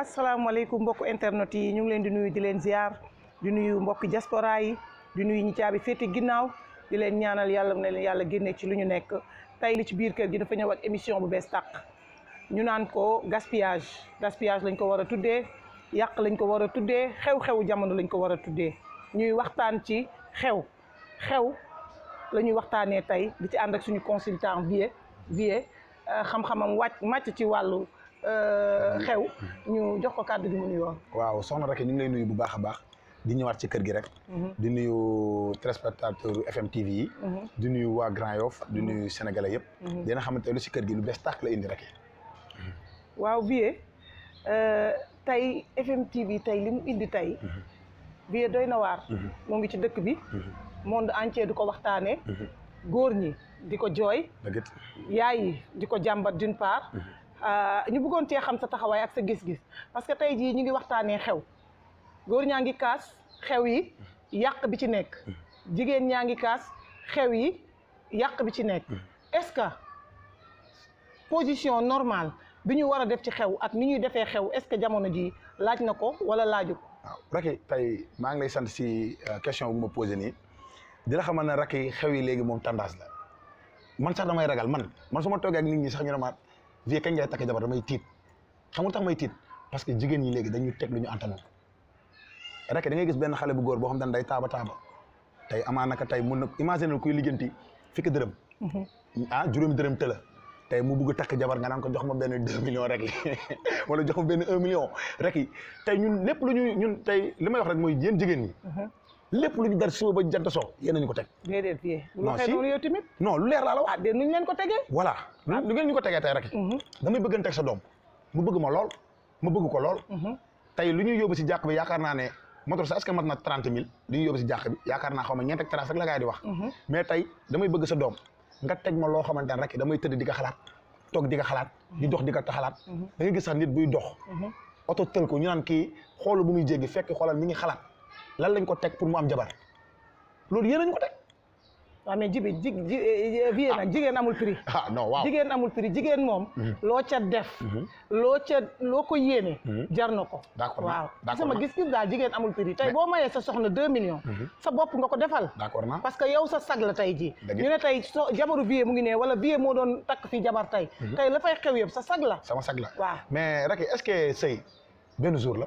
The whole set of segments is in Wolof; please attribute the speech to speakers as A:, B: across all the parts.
A: asalaamaaleykum mbokku internet yi ñu ngi leen di nuyu di leen ziar di nuyu mbokku diaspora yi di nuyu ñi caabi féete ginnaaw di leen ñaanal yàlla na leen yàlla génne ci lu ñu nekk tey li ci biir kër gi dafa ñëw ak émission bu bees tàq ñu naan ko gaspiage gaspillage lañ ko war a tuddee yàq lañ ko war a tuddee xew xew jamono lañ ko war a tuddee ñuy waxtaan ci xew xew la ñuy waxtaanee tey di ci ànd ak suñu consultant vie vie euh, xam-xamam màcc ci wàllu Euh, xew ñu jox ko kàddu gi mu nuyoo.
B: waaw soxna Racky ñu ngi lay nuyu bu baax a baax di ñëwaat ci kër gi rek. Mhm. di nuyu téléspectateur FM TV yi. Mhm. di nuyu waa Grand Yoff di mhm. nuyu sénégalais yëpp. dina xamante lu si kër gi lu bees tàkk la indi Racky.
A: waaw Bié euh, tey FM TV tey li mu indi tey. Bié doy na waar. moo ngi ci dëkk bi. monde entier di ko waxtaanee. góor ñi di ko jooy. yaay di ko jàmbat d'une part. Euh, ñu buggoon cee xam sa taxawaay ak sa gis-gis parce que tey jii ñu ngi waxtaanee xew góor ñaa ngi kaas xew yi yàq bi ci nekk jigéen ñaa ngi kaas xew yi yàq bi ci nekk est-ce que position normale bi ñu war a def ci xew ak ni ñuy defee xew est-ce que jamono ji laaj na ko wala laaju
B: ko waaw tey maa ngi lay sant si euh, question bu ma posé nii di la xamal ne Racky xew yi léegi moom tendance la man sax damay ragal man man su ma toogee ak nit ñi sax ñu ne ma vie kañ ngay takk jabar damay tiit xam nga tax may tiit parce que jigéen ñi léegi dañu teg lu ñu antanul rek da ngay gis benn xale bu góor boo xam ne day taaba taaba tey amaa naka tey mun na imaginer kuy liggéenti fikk dërëm
A: mm-hmm.
B: ah juróomi dërëm tëla tey mu bugg takk jabar nga naan ko jox ma benn deux millions rek li wala jox ma benn un million rek yi tey ñun lépp lu ñuy ñun tey li may wax rek mooy yéen jigéen ñi mm-hmm. lépp lu ñu dar suba ba jant so yéen nañu ko teg
A: déedéet fii lu xëy loolu yow
B: tamit non lu leer laa la wax ah, de
A: nuñ leen ko tegee
B: voilà lu ah. ngeen ñu ko tegee tey rek mhm. damay bëggan teg sa mhm. mhm. bëgg sa doom nga teg ma loo xamante ne damay tëdd di xalaat toog di xalaat di dox di xalaat da gis sax nit buy dox oto tël ko ñu naan kii xoolu bu muy jéggi fekk xoolal mi ngi xalaat lan lañ ko teg pour mu am jabar loolu yéen nañ ko teg. waaw mais jibi ji ji jigéen amul prix.
A: ah non waaw jigéen amul prix jigéen moom. Mm-hmm. loo ca def. Mm-hmm. loo ca loo ko yéene. Mm-hmm. jar na ko. d'accord waaw sama gis-gis daal jigeen amul prix tey boo mayee sa soxna 2 millions. sa bopp nga ko defal. d'accord parce que yow sa sagla la tey jii. ñu ne tey so jabaru vie mu ngi ne wala vie moo doon takk fii jabar tey. tey la fay xew yëpp sa sag sama sag la waaw
B: mais rek est-ce que sëy benn jour la.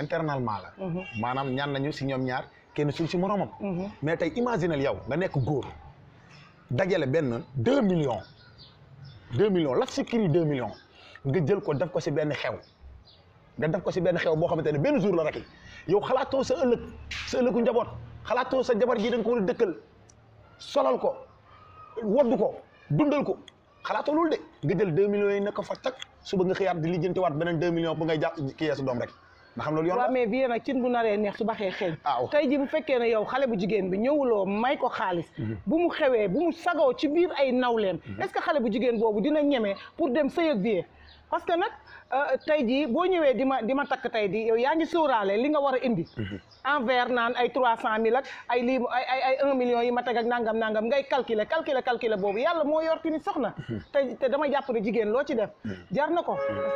B: internalement la mhm. maanaam ñaan nañu si ñoom ñaar kenn suñ si moromam mhm. mais tey imaginel yow nga nekk góor dajale benn deux millions deux millions la sécurité deux million nga jël ko def ko si benn xew nga def ko si benn xew boo xamante ne benn jour la rek yow xalaatoo sa ëllëg sa ëllëgu njaboot xalaatoo sa jabar ji da ko war a dëkkal solal ko woddu ko dundal ko xalaatoo loolu de nga jël deux millions yi ne ko fa tag suba nga xëyaat di lijjantiwaat beneen deux millions bu ngay jàpp kii sa rek nga xam loolu
A: mais vie nag cin bu naree neex su baxee xeeñ tey ji bu fekkee ne yow xale bu jigéen bi ñëwuloo may ko xaalis mhm. bu mu xewee bu sagoo ci biir ay nawleem mhm. est-ce que xale bu jigéen boobu dina ñeme pour dem sëy ak parce que nag euh, tey jii boo ñëwee di ma di ma takk tey di yow yaa ngi sóoraale li nga war a indi mhm. envers naan ay trois cent mille ak ay lii ay ay million yi ma teg ak nangam nangam ngay calculer calculer calculer boobu yàlla moo yor fi ni soxna te te dama jàpp ne jigéen loo ci def jar na ko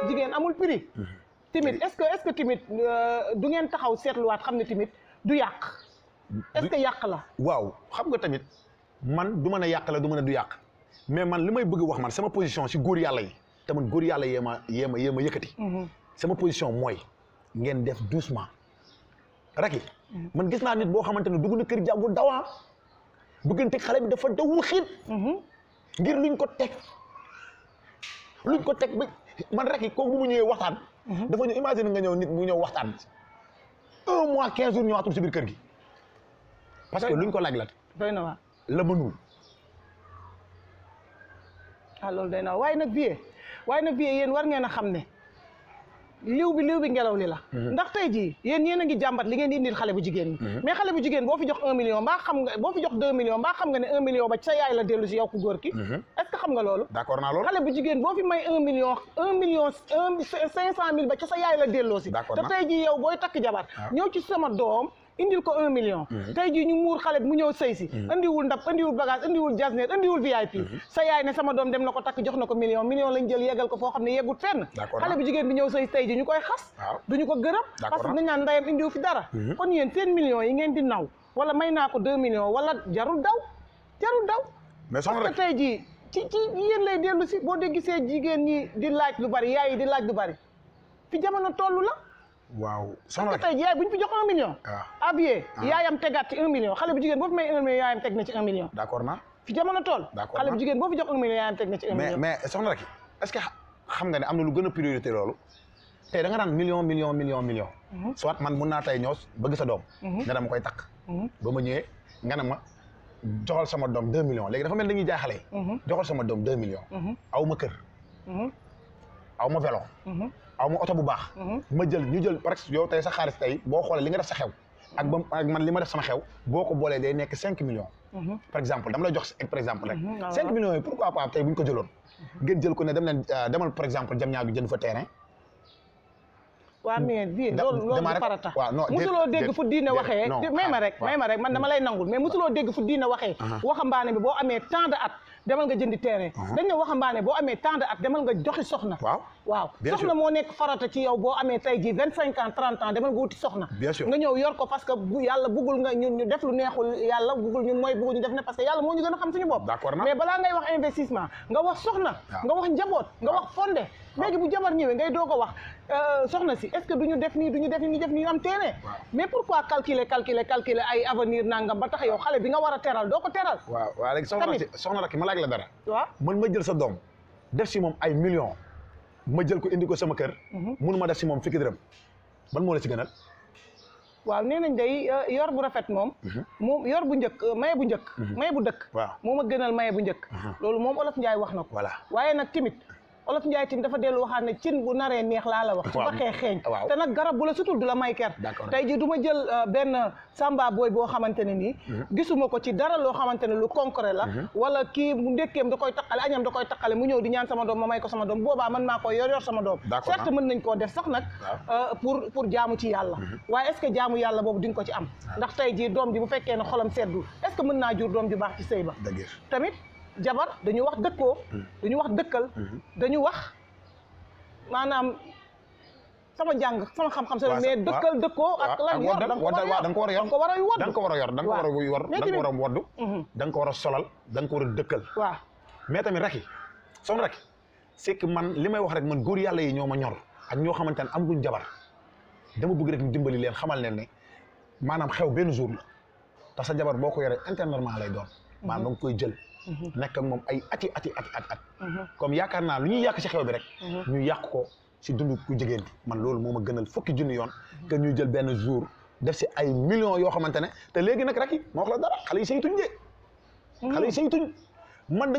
A: jigéen amul prix timit est-ce que est-ce que timit euh, du ngeen taxaw seetluwaat xam ne timit du yàq est-ce que yàq la
B: waaw xam nga tamit man du man a yàq la du mën a du yàq mais man li may bëgg wax man sama position si góor yàlla yi te man góor yàlla yee ma yee ma yee ma yëkkati mhm. sama position mooy ngeen def doucement rek mhm. man gis naa nit boo xamante ne dugg na kër jàmbur dawaa bëggante xale bi dafa daw xiit mhm. ngir luñ ko teg luñ ko teg ba man rek yi kooku bu mu ñëwee waxtaan Mhm. dafa ñëw imagine nga ñëw nit mu ñëw waxtaan un mois quinze jours ñëwaatul si biir kër gi parce que luñ ko laaj la la mënul
A: ah loolu doy na waaye nag biyee waaye nag biyee yéen war ngeen a xam ne liw bi liw bi ngelaw li la mhm. ndax tey jii yéen yéen a ngi jàmbat li ngeen di indil xale bu jigéen ñi mhm. mais xale bu jigéen boo fi jox un million mbaa nga boo fi jox deux millions xam nga ne million ba ca yaay la dellu si yow ku góor ki xam nga loolu d'accord naa loolu xale bu jigéen boo fi may un million un million un cinq cent mille ba ji ah. mhm. ñu muur xale mu ñëw sëy si mhm. indiwul ndab indiwul bagage indiwul jasneer indiwul VIP mhm. sa yaay ne sama doom dem na ko takk jox na ko million million lañ jël yeggal ko foo xam ne yeggut fenn xale bu jigéen bi ñëw sëy tey ji ñu koy xas duñu ko gërëm parce que dañ naan ndeyam fi dara kon yéen seen millions yi ngeen di naw wala may naa ko deux millions wala jarul daw jarul daw ci ci yéen lay dellu si boo dee gisee jigéen ñi di laaj lu bari yaay yi di laaj lu bari fi jamono toll la. waaw soxna tey yaay bu ñu fi jox un million. waaw ah. abiyee ah ah. yaayam tegaat ci un million xale bu jigéen boo fi may un million yaayam teg na ci un million. d'accord na fi jamono toll. na xale bu jigéen boo fi jox un million yaayam teg na ci un million.
B: ne am na lu gën a priorité loolu. da nga naan million million million million. Mhm. soit man mun naa tey ñoos bëgg sa doom. Mhm. nga dama koy takk. Mhm. ba ma ñëwee nga ne ma joxal sama doom deux millions léegi dafa mel dañuy jaaxale mhm. joxal sama doom deux millions mhm. aw ma kër mhm. aw ma vélo aw ma oto bu baax ma jël ñu jël par exemple yow tey sa xaalis tey boo xoolee li nga def sa xew ak ba ak man li ma def sama xew boo ko boolee day nekk cinq millions par exemple dama la jox par exemple rek cinq millions yi pourquoi pas tey bu ñu ko jëloon ngeen jël ko ne dem leen euh, demal par exemple jam ñaagu jënd fa terrain
A: waa mais bii loolu loolu farata musuloo dégg fu diine waxee may ma rek may ma rek man dama lay nangul mais musuloo dégg fu diine waxee waxambaane bi boo amee tant at demal nga jënd terrain dañ ne waxambaane boo amee tant at demal nga joxi soxna waaw waaw soxna moo nekk farata ci yow boo amee tey jii vingt cinq ans trente ans demal nga wuti soxna nga ñëw yor ko parce que yàlla buggul nga ñun ñu def lu neexul yàlla buggul ñun mooy buggul ñu def ne parce que yàlla moo ñu gën a xam suñu bopp mais balaa ngay wax investissement nga wax soxna nga wax njaboot nga wax fondé léegi bu jabar ñëwee ngay doog ko wax euh, soxna si est ce que du ñu def nii du ñu def nii ñu def nii am téene mais pourquoi calculer calculer calculer ay avenir nangam ba tax war a teral doo ko teral
B: waaw waaw léegi soxna si soxna rek ma laaj la dara waaw man ma jël sa doom def si moom ay millions ma jël ko indi ko sama kër. mënu mhm. ma def si moom fukki dërëm ban moo la ci gënal.
A: waaw nee nañ day euh, yor bu rafet moom. Mhm. moom yor bu njëkk euh, maye bu njëkk. Mhm. maye bu dëkk. waaw moo ma gënal maye bu njëkk. loolu moom olof Njaay wax na ko. waaye nag timit olof njaay tin dafa dellu waxaat ne cin bu naree neex laa la wax su waxee xeeñ te nag garab bu la sutul du la may ker tey ji du jël euh, benn samba booy boo xamante ne nii mhm. gisuma ko ci dara loo xamante ne lu concret la mhm. wala kii mu ndékkeem da koy taqale añam da koy taqale mu ñëw di ñaan sama doom ma may ko sama doom boobaa man maa koy yor yor sama doom certes mën nañ koo def sax nag euh, pour pour jaamu ci yàlla mhm. waaye est jaamu yàlla boobu di nga ko ci am ndax tey ji ne xolam seddul est ce que mën ju baax ci sëy jabar dañu wax dëkkoo dañu wax dëkkal dañu wax maanaam sama jàng sama xam-xam sa mais dëkkal dëkkoo ak lan yor da nga ko war a yor da ko war a yor da nga ko war a yor da ko war a yor da nga ko war a
B: waddu mhm. da ko war a solal danga ko war a dëkkal waaw mais tamit rek yi rek c'est man li may wax rek man góor yàlla yi ñoo ma ñor ak ñoo xamante ne am duñ jabar dama bëgg rek ñu dimbali leen xamal leen ne maanaam xew benn jour la te sa jabar boo ko yore internement lay doon maanaam mhm. da koy jël Mhm. nekk ak moom ay ati ati ati at at mhm. comme yaakaar naa lu ñuy yàq si xew bi rek mhm. ñu yàq ko si dund ku jigéen bi man loolu moom ma gënal fokki junni yoon que ñuy jël benn jour def si ay million yoo xamante ne te léegi nag rek ma la dara xale yi saytuñ de xale yi saytuñ man da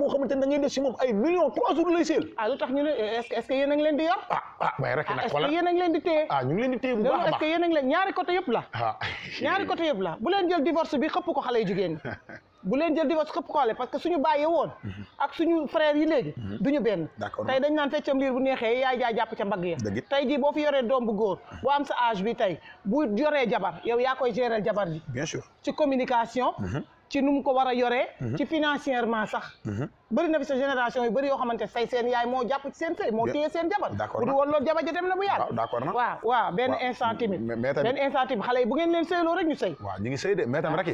B: boo xamante ne da ngay def moom ay millions lay seel ah lu tax ñu ne eh, est-ce a di yor ah ah, ah a ngi
A: leen di ah
B: ñu ngi leen di téye bu baax a baax est
A: a leen ñaari côté yëpp la
B: ah. ñaari
A: yëpp la bu leen jël divorce bi xëpp ko xale yu jigéen bu leen jël di ko xoole parce que suñu bàyyi woon mm-hmm. ak suñu frère yi léegi mm-hmm. duñu benn tey dañ naan feccam liir bu neexee yaay jaay jàpp ca mbagg ya tey jii boo fi yoree doom bu góor boo am sa âge bi tey bu yoree jabar yow yaa koy gérer jabar ji
B: bien ci
A: communication mm-hmm. ci nu ko war a yoree ci financièrement sax bëri na fi sa génération yu bëri yoo xamante say seen yaay moo jàpp ci seen sëy moo téye seen jabar bu du woon loolu jabar ja dem
B: na bu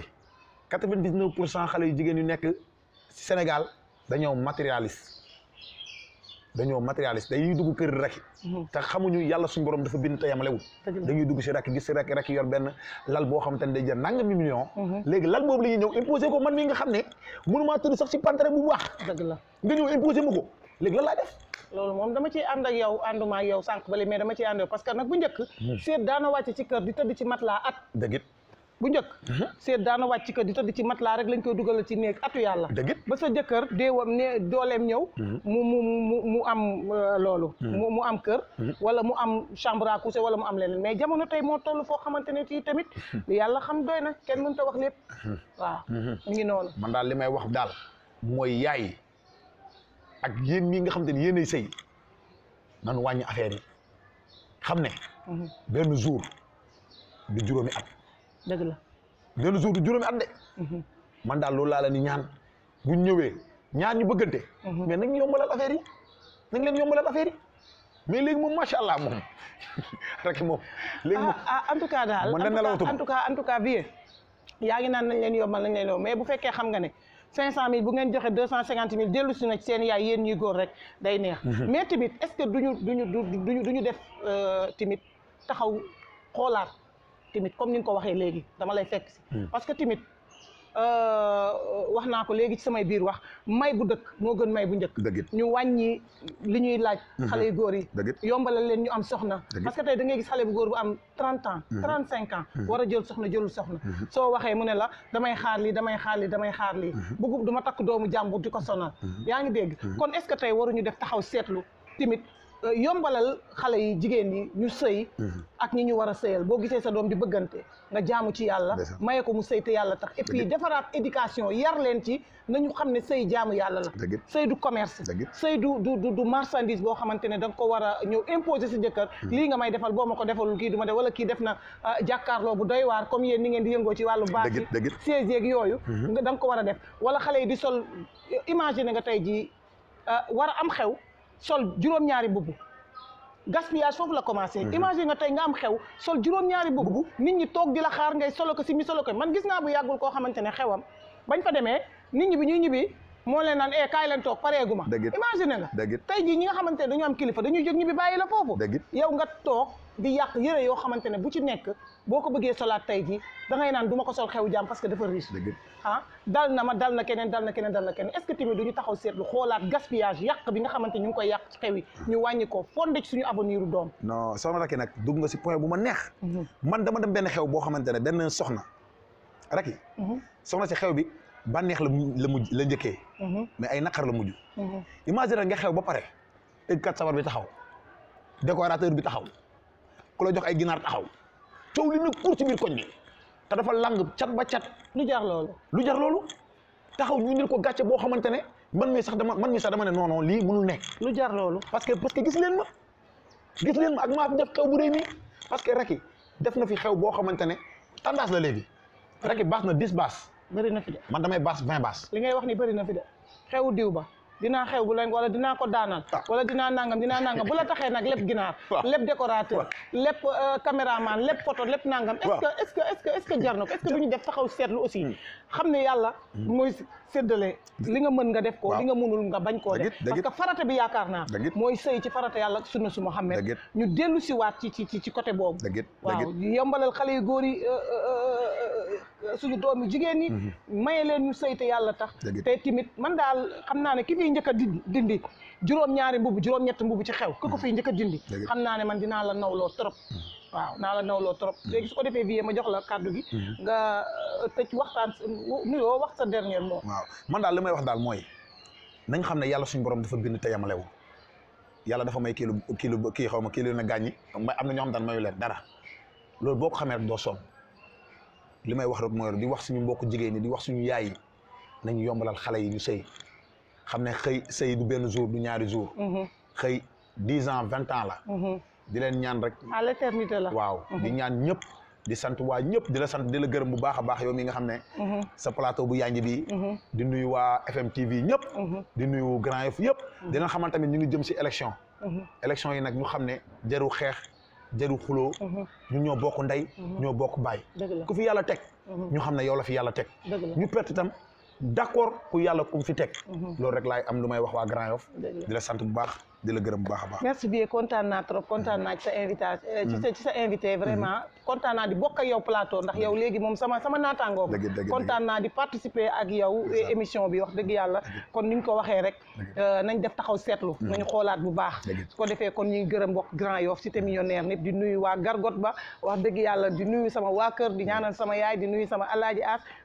B: quatre-vingt-dix-neuf pour cent xale yu jigéen yu nekk ci Sénégal dañoo matérialiste dañoo matérialiste dañuy dugg kër rek. Mhm. te xamuñu yàlla suñu borom dafa bind te yemalewul. dañuy dugg si rek gis si rek rek yor benn lal boo xam te ne day jël nangami million. Mhm. léegi lal boobu la ñuy ñëw imposé ko man mii nga xam ne mënumaa tëdd sax si pantere bu baax. dëgg la nga ñëw imposé ma ko léegi lan laa def.
A: loolu moom dama ciy ànd ak yow ànduma ak yow sànq bale mais dama ciy ànd parce que nag bu njëkk. Mhm. seet daana wàcc ci kër di tëdd ci matelas at. dëgg bu njëkk seet daana wàcc kër di tëdd ci matelas rek lañ koy dugalal ci néeg atu yàlla ba sa jëkkër déewam ne dooleem ñëw mhm. mu mu mu mu am euh, loolu mhm. mu am kër mhm. wala mu am chambre à coucher wala mu am leen mais jamono tey moo toll foo xamante ne ci tamit yàlla xam doy na kenn mënut a wax lépp ngi noonu
B: man daal li may wax daal mooy yaay ak yéen ñi nga xam te ne yéenay sëy nan wàññi affaire yi xam ne benn jour du juróomi at dëgg la benn jour du juróomi at de. Mhm. man daal lool laa la ni ñaan bu ñëwee ñaan ñu bëggante. Mhm. mais nañ yombalal affaire yi nañ leen yombalal affaire yi mais léegi moom macha allah moom rek moom. léegi moom ah, ah, en tout cas daal en tout cas en tout cas vie
A: yaa ngi naan nañ leen yombal nañ leen mais bu fekkee xam nga ne. cinq cent mille bu ngeen joxe deux cent cinquante mille dellu si na seen yaay yéen ñuy góor rek day neex mhm. mais tamit est-ce que duñu ñu duñu ñu def euh, tamit taxaw xoolaat timit comme ni nga ko waxee léegi dama lay fekk si hmm. parce que timit euh, wax naa ko léegi ci samay biir wax may bu dëkk moo gën may bu njëkk ñu wàññi li ñuy laaj hmm. xale yu góor yi yombalal leen ñu am soxna parce que tey da ngay gis xale bu góor bu am trente ans hmm. trente cinq ans war a jël soxna jëlul soxna soo waxee mu ne la damay xaar lii damay xaar lii damay xaar lii bëggu du takk doomu jàmbur di ko sonal yaa ngi dégg kon est-ce que tey waruñu def taxaw seetlu timit Euh, yombalal xale yi jigéen yi ñu sëy mhm. ak ñi ñu war a sëyal boo gisee sa doom di bëggante nga jaamu ci yàlla maye ko mu sëy te yàlla tax et puis defaraat éducation yar leen ci na ñu xam ne sëy jaamu yàlla la sëy du commerce sëy du du du marchandise boo xamante ne da nga ko war a ñëw imposer si jëkkër mhm. lii nga may defal boo ma ko defalul kii du ma def wala kii def na ah, jàkkaarloo bu doy waar comme yéen ni ngeen di yëngoo ci wàllu baax yi siège yeeg yooyu da mhm. nga ko war a def wala xale yi di sol imaginer nga tey ji ah, war a am xew sol juróom-ñaari mbubb gaspillage foofu la commencé mhm. imagine nga tey nga am xew sol juróom-ñaari mbubb nit ñi toog di la xaar ngay solo ko si mi solo ko man gis naa bu yàggul koo xamante ne xewam bañ fa demee nit ñi bi ñuy ñibbi moo leen naan e kaay leen toog pareegu ma imagine nga tey jii ñi nga xamante ne dañu am kilifa dañuy jóg ñibbi bàyyi la foofu yow nga toog di yàq yëre yoo xamante ne bu ci nekk boo ko bëggee solaat tey ji da ngay naan du ma ko sol xew jaam parce que dafa riche ah dal na ma dal na keneen dal na keneen dal na keneen est ce que tamit duñu taxaw seetlu xoolaat gaspillage yàq bi nga xamante ñu ngi koy yàq ci xew yi ñu wàññi ko fonde ci suñu avenir u doom
B: non soxna Racky nag dugg nga si point bu ma neex mhm. man dama dem benn xew boo xamante ne benn soxna Racky mhm. soxna si xew bi bànneex la la mujj la njëkkee mhm. mais ay naqar la mujj imagine nga xew ba pare tëggkat sabar bi taxaw décorateur bi taxaw ku la jox ay ginaar taxaw coow li nag kur ci biir koñ bi te dafa lang cat ba cat lu jar loolu lu jar loolu taxaw ñu indil ko gàcce boo xamante ne man mi sax dama man mi sax dama ne non non lii mënul nekk lu jar loolu parce que parce que gis leen ma gis leen ma ak maa fi def xew bu rëy nii parce que rek def na fi xew boo xamante ne tendance la léegi rek baas na dix baas bëri na fi de man damay baas vingt baas li ngay wax ni bëri na fi de xew
A: diw ba dinaa xew bu leen wala dinaa ko daanal ah. wala dinaa nangam dinaa nangam bu la taxee nag lépp ginaar lépp décorateur lépp euh, caméraman lépp photo lépp nangam est-ce que na ko est-ce que du ñu def taxaw seetlu aussi hmm. xam ne yàlla hmm. mooy séddale hmm. li nga mën nga def ko li nga mënul nga bañ koo parce que farata bi yaakaar naa mooy sëy ci farata yàlla sunna su Muhammad ñu dellu si waat ci ci ci côté boobu waaw xale yu góor euh, euh, suñu doom yi jigéen ñi mhm. maye leen ñu yàlla tax te timit man daal xam naa ne ki fiy njëkk a dindi juróom ñaari mbubu juróom ñett mbubu ci xew ku ko mhm. fiy njëkk a dindi xam naa ne man dinaa la nawloo trop mhm. waaw naa la nawloo trop léegi su ko defee vie ma jox la kàddu gi nga euh, tëj waxtaan nuyoo wax sa dernier mot
B: man daal li may wax daal mooy nañ xam ne yàlla suñu borom dafa bind te lew yàlla dafa may kii lu kii lu xaw ma kii lu na gàññi am na ñoo xam daan leen dara loolu boo ko xamee rek li may wax rek mooy di wax suñu mbokk jigéen di wax suñu yaay yi nañu yombalal xale yi ñu sëy xam ne xëy sëy du benn jour du ñaari jour. Mhm. xëy dix ans vingt ans la. Mhm. di leen ñaan rek. à l'éternité la waaw. Mhm. di ñaan ñëpp. di sant waa ñëpp di la sant di la gërëm bu baax a baax yow mi nga xam ne. sa plateau bu yànji bi. di nuyu waa FM TV ñëpp. di nuyu Grand Yoff yëpp. dina xamal tamit ñu ngi jëm si élection. élection yi nag ñu xam ne jaru xeex. jëru xuloo uh-huh. ñu ñoo bokk ndey uh-huh. ñoo bokk baay ku fi yàlla teg
A: uh-huh. ñu xam ne yow fi
B: yàlla teg ñu perte tam d'accord ku yàlla kum fi teg loolu rek laay am lu may wax waa Grand Yoff di la sant bu baax di la gërëm baax a baax
A: merci bien kontaan naa trop kontaan naa ci sa invitation euh, sa mm-hmm. ci vraiment mm-hmm. kontaan naa di bokk ak plateau ndax yow mm-hmm. léegi moom sama sama naataangoo kontaan naa di participer ak yow émission bi wax dëgg yàlla kon ni ñu ko waxee rek euh, nañ def taxaw seetlu nañ xoolaat bu baax su ko defee kon ñuy gërëm bokk Grand Yoff Cité millionnaire ñëpp di nuyu waa Gargote ba wax dëgg yàlla di nuyu sama waa kër di ñaanal sama yaay di nuyu sama alaaji aas